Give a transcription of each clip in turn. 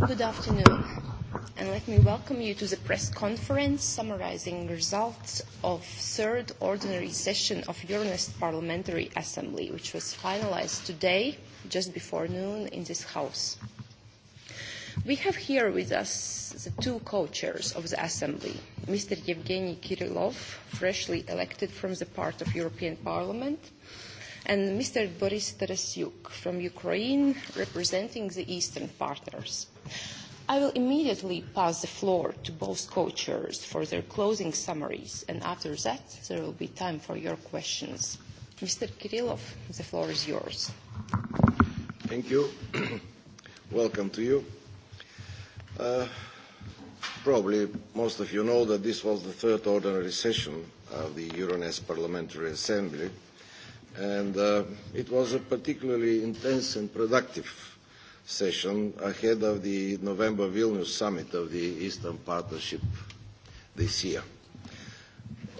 Good afternoon, and let me welcome you to the press conference summarizing results of third ordinary session of Euronest Parliamentary Assembly, which was finalized today, just before noon, in this house. We have here with us the two co-chairs of the Assembly, Mr. Yevgeny Kirillov, freshly elected from the part of European Parliament, and Mr. Boris Tarasyuk from Ukraine, representing the Eastern Partners. I will immediately pass the floor to both co-chairs for their closing summaries, and after that, there will be time for your questions. Mr. Kirillov, the floor is yours. Thank you. Welcome to you. Uh, probably most of you know that this was the third ordinary session of the Euronest Parliamentary Assembly, and uh, it was a particularly intense and productive session ahead of the November Vilnius summit of the Eastern Partnership this year.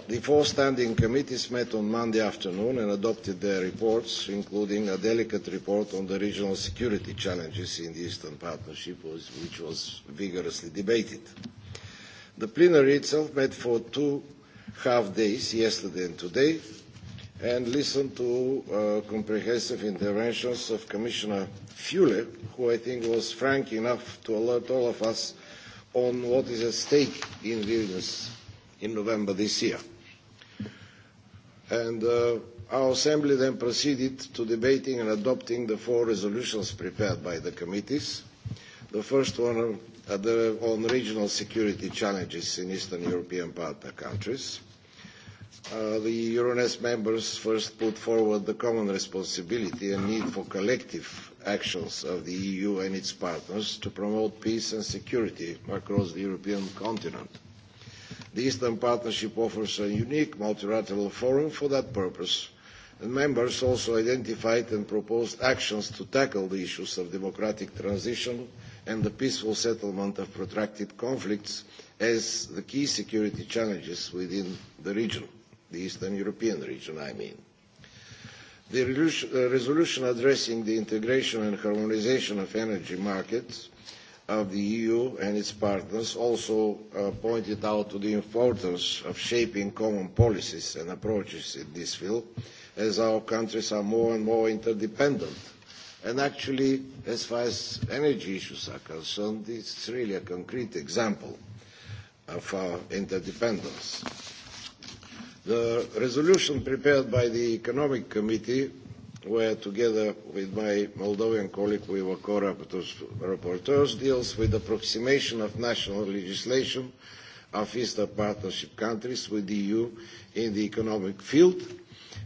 The four standing committees met on Monday afternoon and adopted their reports, including a delicate report on the regional security challenges in the Eastern Partnership, which was vigorously debated. The plenary itself met for two half days, yesterday and today, and listen to uh, comprehensive interventions of Commissioner Fule, who I think was frank enough to alert all of us on what is at stake in Vilnius in November this year. And uh, our Assembly then proceeded to debating and adopting the four resolutions prepared by the committees. The first one on, on regional security challenges in Eastern European partner countries – uh, the Euronest members first put forward the common responsibility and need for collective actions of the EU and its partners to promote peace and security across the European continent. The Eastern Partnership offers a unique multilateral forum for that purpose, and members also identified and proposed actions to tackle the issues of democratic transition and the peaceful settlement of protracted conflicts as the key security challenges within the region the Eastern European region, I mean. The uh, resolution addressing the integration and harmonization of energy markets of the EU and its partners also uh, pointed out to the importance of shaping common policies and approaches in this field as our countries are more and more interdependent. And actually, as far as energy issues are concerned, it's really a concrete example of our interdependence. The resolution prepared by the Economic Committee, where together with my Moldovan colleague we were co-rapporteurs, deals with approximation of national legislation of Eastern Partnership countries with the EU in the economic field,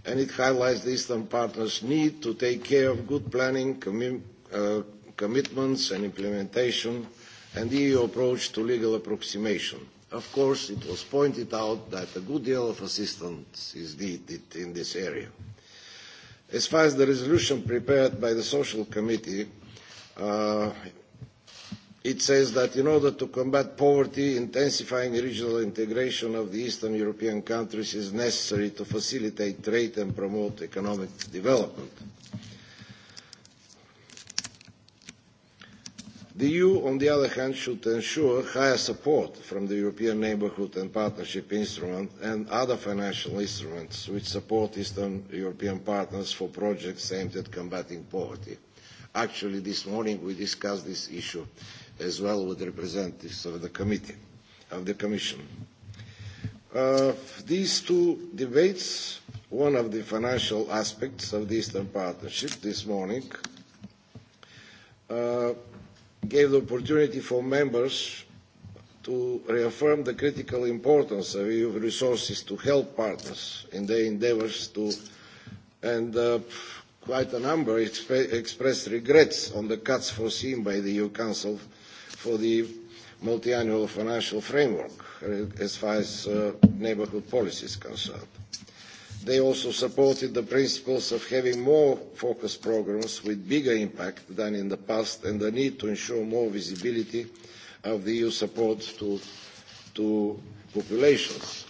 and it highlights the Eastern partners' need to take care of good planning, commi uh, commitments and implementation, and the EU approach to legal approximation – of course, it was pointed out that a good deal of assistance is needed in this area. As far as the resolution prepared by the Social Committee, uh, it says that in order to combat poverty, intensifying regional integration of the Eastern European countries is necessary to facilitate trade and promote economic development. Uh, The EU, on the other hand, should ensure higher support from the European Neighbourhood and Partnership Instrument and other financial instruments which support Eastern European partners for projects aimed at combating poverty. Actually, this morning we discussed this issue as well with representatives of the committee, of the Commission. Uh, these two debates, one of the financial aspects of the Eastern Partnership this morning, uh, gave the opportunity for members to reaffirm the critical importance of EU resources to help partners in their endeavours to, and uh, quite a number expre expressed regrets on the cuts foreseen by the EU Council for the multiannual financial framework as far as uh, neighbourhood policy is concerned they also supported the principles of having more focused programs with bigger impact than in the past and the need to ensure more visibility of the EU support to, to populations.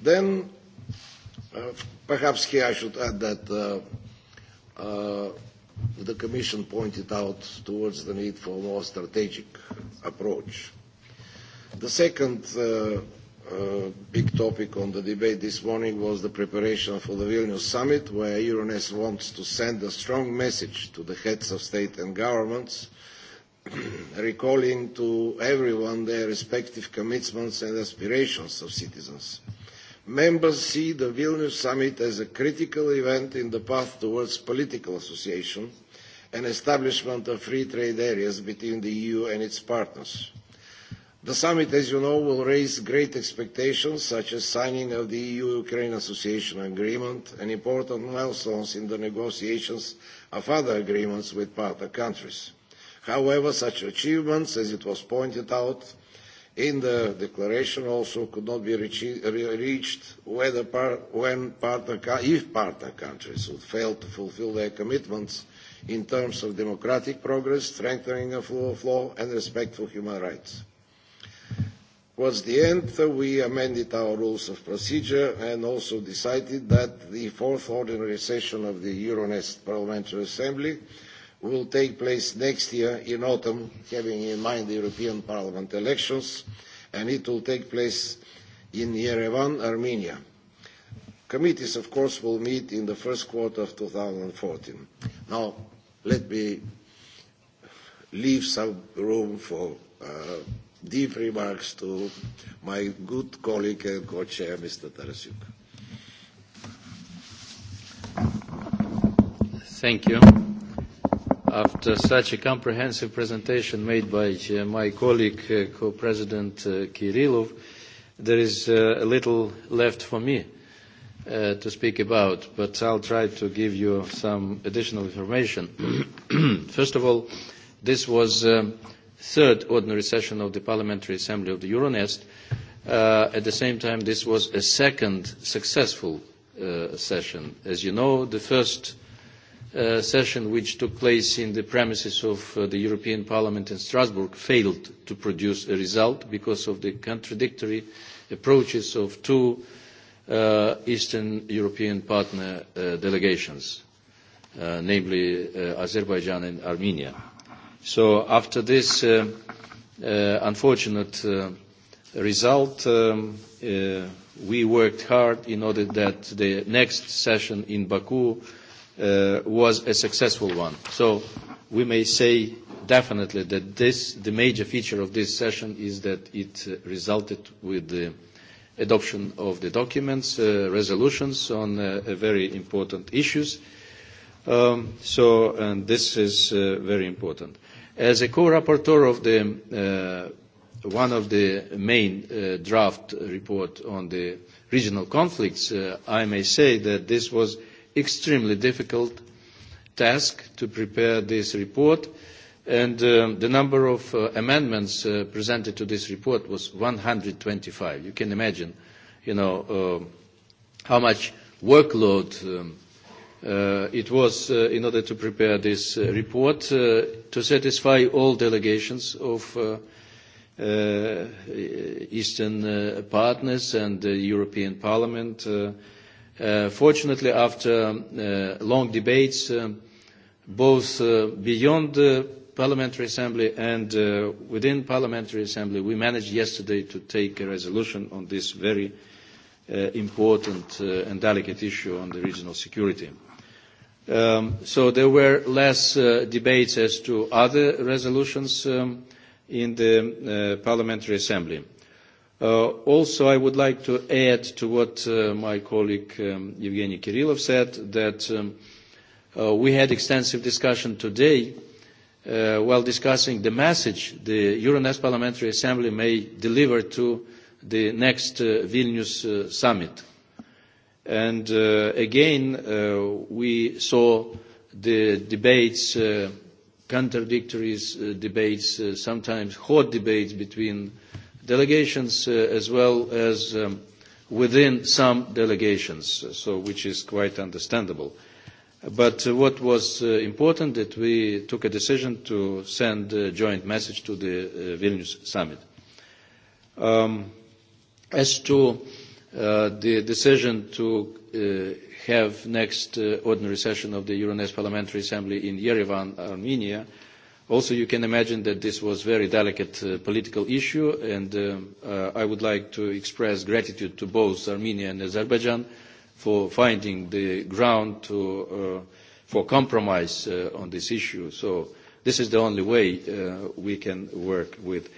Then, uh, perhaps here I should add that uh, uh, the Commission pointed out towards the need for a more strategic approach. The second uh, uh, big topic on the debate this morning was the preparation for the Vilnius summit, where Euronest wants to send a strong message to the heads of state and governments, recalling to everyone their respective commitments and aspirations of citizens. Members see the Vilnius summit as a critical event in the path towards political association and establishment of free trade areas between the EU and its partners. Uh, The summit, as you know, will raise great expectations, such as signing of the EU-Ukraine Association Agreement and important milestones in the negotiations of other agreements with partner countries. However, such achievements, as it was pointed out in the declaration, also could not be reached whether par when partner if partner countries would fail to fulfill their commitments in terms of democratic progress, strengthening of rule of law, and respect for human rights towards the end, we amended our rules of procedure and also decided that the fourth ordinary session of the Euronest Parliamentary Assembly will take place next year in autumn, having in mind the European Parliament elections, and it will take place in Yerevan, Armenia. Committees, of course, will meet in the first quarter of 2014. Now, let me leave some room for uh, deep remarks to my good colleague and co-chair, Mr. Tarasyuk. Thank you. After such a comprehensive presentation made by uh, my colleague, uh, co-president uh, Kirillov, there is uh, little left for me uh, to speak about, but I'll try to give you some additional information. First of all, this was um, uh, third ordinary session of the Parliamentary Assembly of the Euronest. Uh, at the same time, this was a second successful uh, session. As you know, the first uh, session, which took place in the premises of uh, the European Parliament in Strasbourg, failed to produce a result because of the contradictory approaches of two uh, Eastern European partner uh, delegations, uh, namely uh, Azerbaijan and Armenia. Uh, So after this uh, uh, unfortunate uh, result, um, uh, we worked hard in order that the next session in Baku uh, was a successful one. So we may say definitely that this, the major feature of this session is that it uh, resulted with the adoption of the documents, uh, resolutions on uh, very important issues. Uh, Um, so, and this is uh, very important. As a co-rapporteur of the, uh, one of the main uh, draft report on the regional conflicts, uh, I may say that this was extremely difficult task to prepare this report, and um, the number of uh, amendments uh, presented to this report was 125. You can imagine, you know, uh, how much workload um, Uh, it was uh, in order to prepare this uh, report uh, to satisfy all delegations of uh, uh, Eastern uh, partners and the European Parliament. Uh, uh, fortunately, after um, uh, long debates, um, both uh, beyond the Parliamentary Assembly and uh, within Parliamentary Assembly, we managed yesterday to take a resolution on this very uh, important uh, and delicate issue on the regional security. Um, so there were less uh, debates as to other resolutions um, in the uh, Parliamentary Assembly. Uh, also, I would like to add to what uh, my colleague um, Evgeny Kirilov said, that um, uh, we had extensive discussion today uh, while discussing the message the Euronest Parliamentary Assembly may deliver to the next uh, Vilnius uh, summit. Uh, And uh, again, uh, we saw the debates, uh, contradictory uh, debates, uh, sometimes hot debates between delegations uh, as well as um, within some delegations, uh, so which is quite understandable. But uh, what was uh, important that we took a decision to send a joint message to the uh, Vilnius summit. Um, as to uh, uh, the decision to uh, have next uh, ordinary session of the Euronest Parliamentary Assembly in Yerevan, Armenia. Also, you can imagine that this was a very delicate uh, political issue, and um, uh, I would like to express gratitude to both Armenia and Azerbaijan for finding the ground to, uh, for compromise uh, on this issue. So this is the only way uh, we can work with.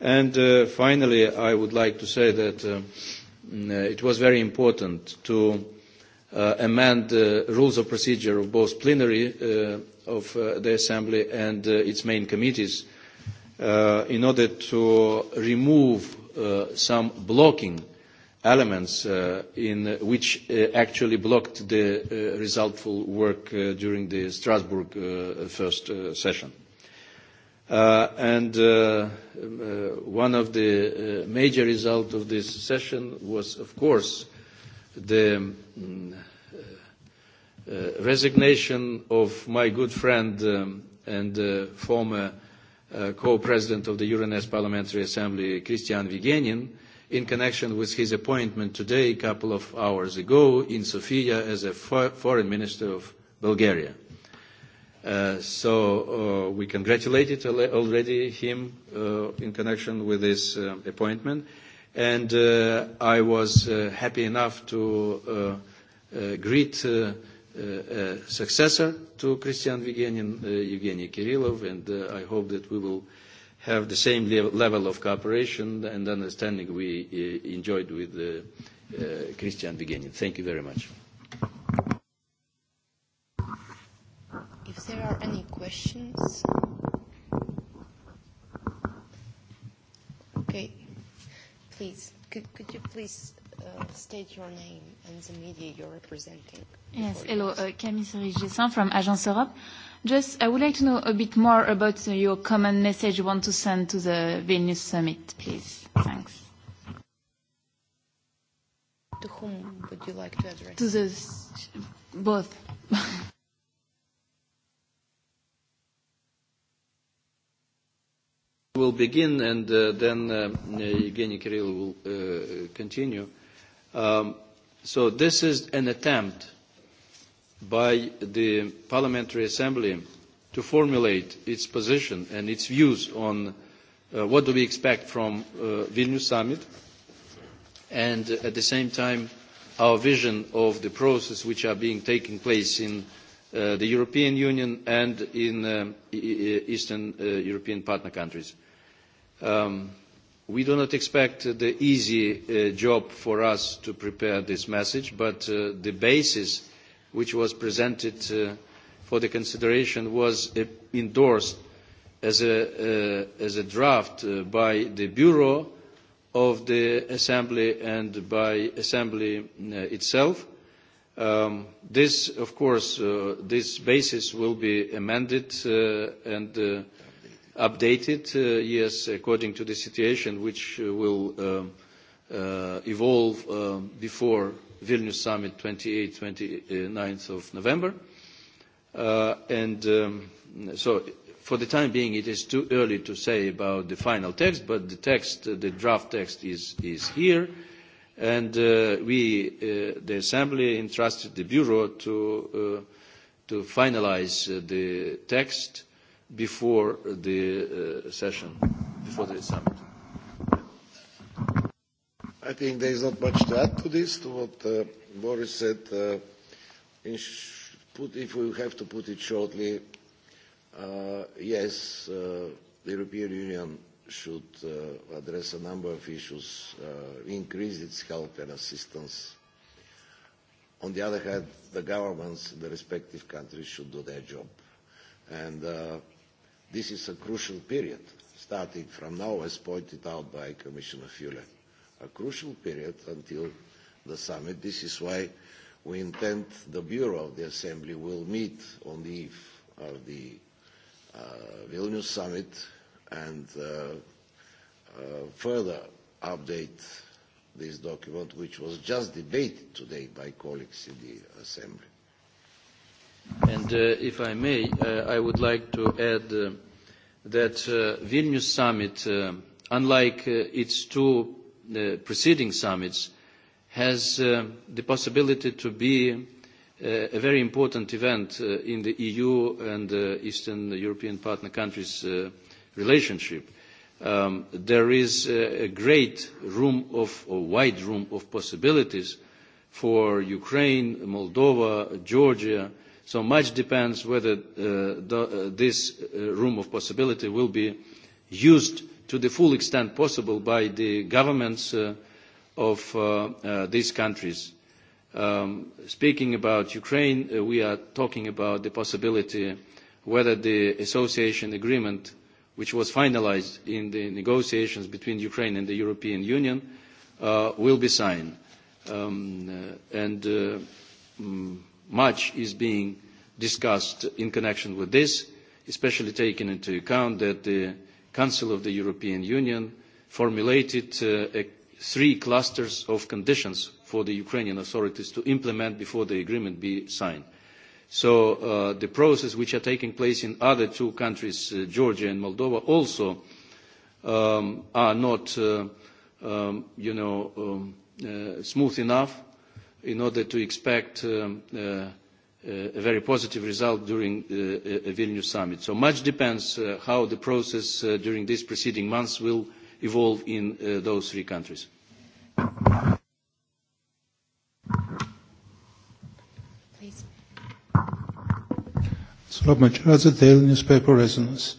And uh, finally, I would like to say that uh, Uh, it was very important to uh, amend the rules of procedure of both plenary uh, of uh, the Assembly and uh, its main committees uh, in order to remove uh, some blocking elements uh, in which uh, actually blocked the uh, resultful work uh, during the Strasbourg uh, first uh, session. Uh, and uh, uh, one of the uh, major results of this session was, of course, the um, uh, resignation of my good friend um, and uh, former uh, co-president of the Euronest Parliamentary Assembly, Christian Vigenin, in connection with his appointment today, a couple of hours ago, in Sofia as a fo foreign minister of Bulgaria. Uh, so uh, we congratulated already him uh, in connection with this uh, appointment. And uh, I was uh, happy enough to uh, uh, greet uh, uh, uh successor to Christian Vigenin, uh, Evgeny Kirillov, and uh, I hope that we will have the same le level of cooperation and understanding we uh, enjoyed with uh, uh, Christian Vigenin. Thank you very much. if there are any questions. Okay, please, could, could you please uh, state your name and the media you're representing? Yes, hello, uh, Camille Cerise-Gessin from Agence Europe. Just, I would like to know a bit more about uh, your common message you want to send to the Vilnius summit, please. Thanks. To whom would you like to address? To the both. will begin, and uh, then uh, Evgeny Kirill will uh, continue. Um, so this is an attempt by the Parliamentary Assembly to formulate its position and its views on uh, what do we expect from uh, Vilnius Summit, and uh, at the same time, our vision of the process which are being taking place in uh, the European Union and in um, Eastern uh, European partner countries. Um, we do not expect the easy uh, job for us to prepare this message, but uh, the basis which was presented uh, for the consideration was uh, endorsed as a, uh, as a draft uh, by the Bureau of the Assembly and by Assembly uh, itself. Um, this, of course, uh, this basis will be amended uh, and uh, updated, uh, yes, according to the situation, which uh, will um, uh, evolve um, before Vilnius Summit, 28th, 29th of November. Uh, and um, so for the time being, it is too early to say about the final text, but the text, uh, the draft text is, is here. And uh, we, uh, the Assembly, entrusted the Bureau to, uh, to finalize uh, the text uh, before the uh, session, before the summit. I think there is not much to add to this, to what uh, Boris said. Uh, in sh put, if we have to put it shortly, uh, yes, uh, the European Union should uh, address a number of issues, uh, increase its help and assistance. On the other hand, the governments in the respective countries should do their job. And uh, This is a crucial period, starting from now, as pointed out by Commissioner Fule, a crucial period until the summit. This is why we intend the Bureau of the Assembly will meet on the eve of the uh, Vilnius summit and uh, uh, further update this document, which was just debated today by colleagues in the Assembly. And uh, if I may, uh, I would like to add uh, that uh, Vilnius summit, uh, unlike uh, its two uh, preceding summits, has uh, the possibility to be uh, a very important event uh, in the EU and uh, Eastern European partner countries' uh, relationship. Um, there is uh, a great room of, or wide room of possibilities for Ukraine, Moldova, Georgia, uh, So much depends whether uh, the, uh, this uh, room of possibility will be used to the full extent possible by the governments uh, of uh, uh, these countries. Um, speaking about Ukraine, uh, we are talking about the possibility whether the association agreement, which was finalized in the negotiations between Ukraine and the European Union, uh, will be signed. Um, uh, and uh, mm, much is being discussed in connection with this, especially taking into account that the Council of the European Union formulated uh, a, three clusters of conditions for the Ukrainian authorities to implement before the agreement be signed. So uh, the process which are taking place in other two countries, uh, Georgia and Moldova, also um, are not, uh, um, you know, um, uh, smooth enough in order to expect um, uh, uh a very positive result during the uh, Vilnius summit. So much depends uh, how the process uh, during these preceding months will evolve in uh, those three countries. Please. Slab Macharadze, Daily Newspaper Resonance.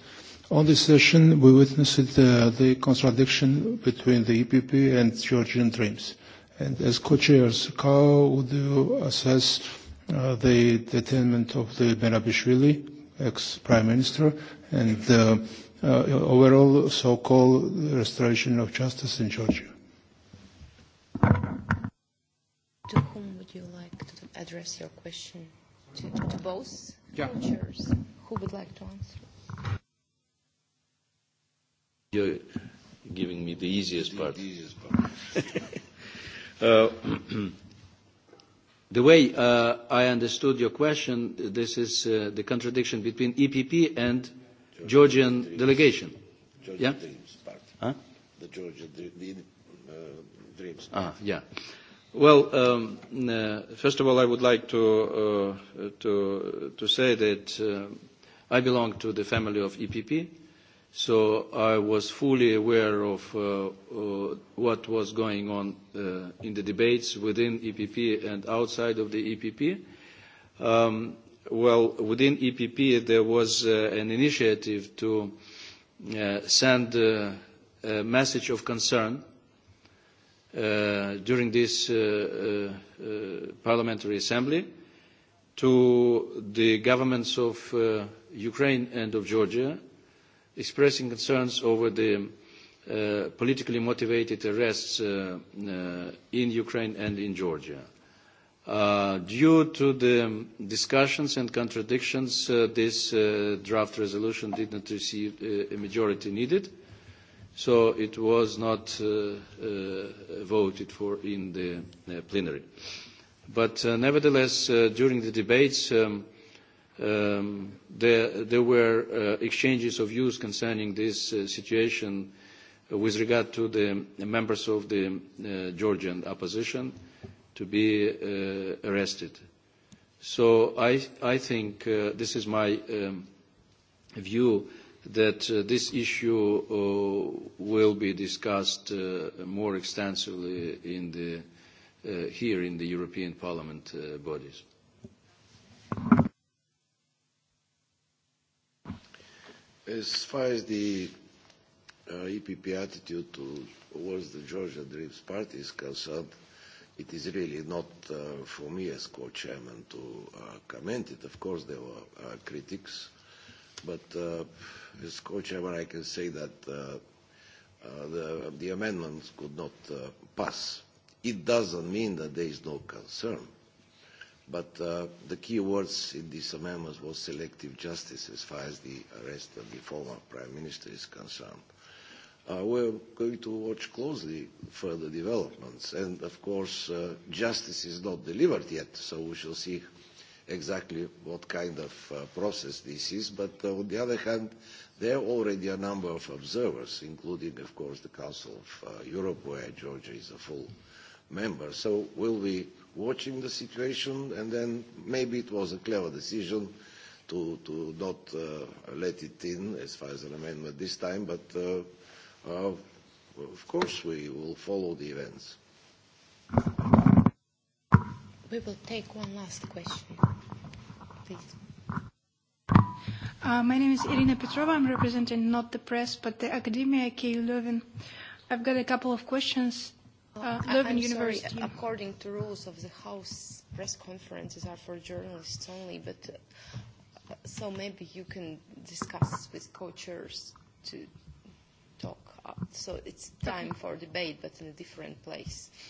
On this session, we witnessed uh, the contradiction between the EPP and Georgian dreams. Uh, and as co-chairs, how would you assess uh, the detainment of the Benabishvili, ex-prime minister, and uh, uh, overall so-called restoration of justice in Georgia? To whom would you like to address your question? To, to, to both yeah. co-chairs? Who would like to answer? You're giving me the easiest the, part. The easiest part. Uh, the way uh, I understood your question, this is uh, the contradiction between EPP and Georgian, Georgian Dreams. delegation. Georgian yeah? Dreams part. Huh? The Georgian the, uh, Dreams. Part. Ah, yeah. Well, um, uh, first of all, I would like to, uh, to, to say that uh, I belong to the family of EPP. Uh, So I was fully aware of uh, uh, what was going on uh, in the debates within EPP and outside of the EPP. Um, well, within EPP there was uh, an initiative to uh, send uh, a message of concern uh, during this uh, uh, uh, parliamentary assembly to the governments of uh, Ukraine and of Georgia expressing concerns over the uh, politically motivated arrests uh, uh, in Ukraine and in Georgia. Uh, due to the discussions and contradictions, uh, this uh, draft resolution did not receive uh, a majority needed, so it was not uh, uh, voted for in the uh, plenary. But uh, nevertheless, uh, during the debates, um, um, there, there were uh, exchanges of views concerning this uh, situation with regard to the members of the uh, Georgian opposition to be uh, arrested. So I, I think uh, this is my um, view that uh, this issue uh, will be discussed uh, more extensively in the, uh, here in the European Parliament uh, bodies. As far as the uh, EPP attitude towards the Georgia Dreams Party is concerned, it is really not uh, for me as co-chairman to uh, comment it. Of course, there were uh, critics, but uh, as co-chairman, I can say that uh, uh, the, the amendments could not uh, pass. It doesn't mean that there is no concern But uh, the key words in these amendments was selective justice as far as the arrest of the former prime minister is concerned. Uh, we're going to watch closely further developments. And of course, uh, justice is not delivered yet, so we shall see exactly what kind of uh, process this is. But uh, on the other hand, there are already a number of observers, including, of course, the Council of uh, Europe, where Georgia is a full uh, members. So we'll be watching the situation, and then maybe it was a clever decision to, to not uh, let it in as far as an amendment this time, but uh, uh, of course we will follow the events. We will take one last question, please. Uh, my name is Irina Petrova. I'm representing not the press, but the Academia KU Leuven. I've got a couple of questions. Uh, Leuven University. Sorry, according to rules of the House, press conferences are for journalists only, but uh, so maybe you can discuss with co-chairs to talk. Uh, so it's time okay. for debate, but in a different place. Uh,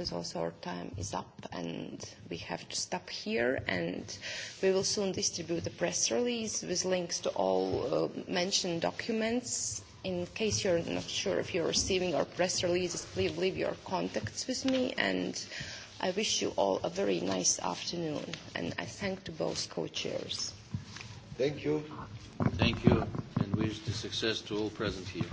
because also our time is up and we have to stop here. And we will soon distribute the press release with links to all uh, mentioned documents. In case you're not sure if you're receiving our press releases, please leave your contacts with me. And I wish you all a very nice afternoon. And I thank to both co-chairs. Thank you. Thank you and wish the success to all present here.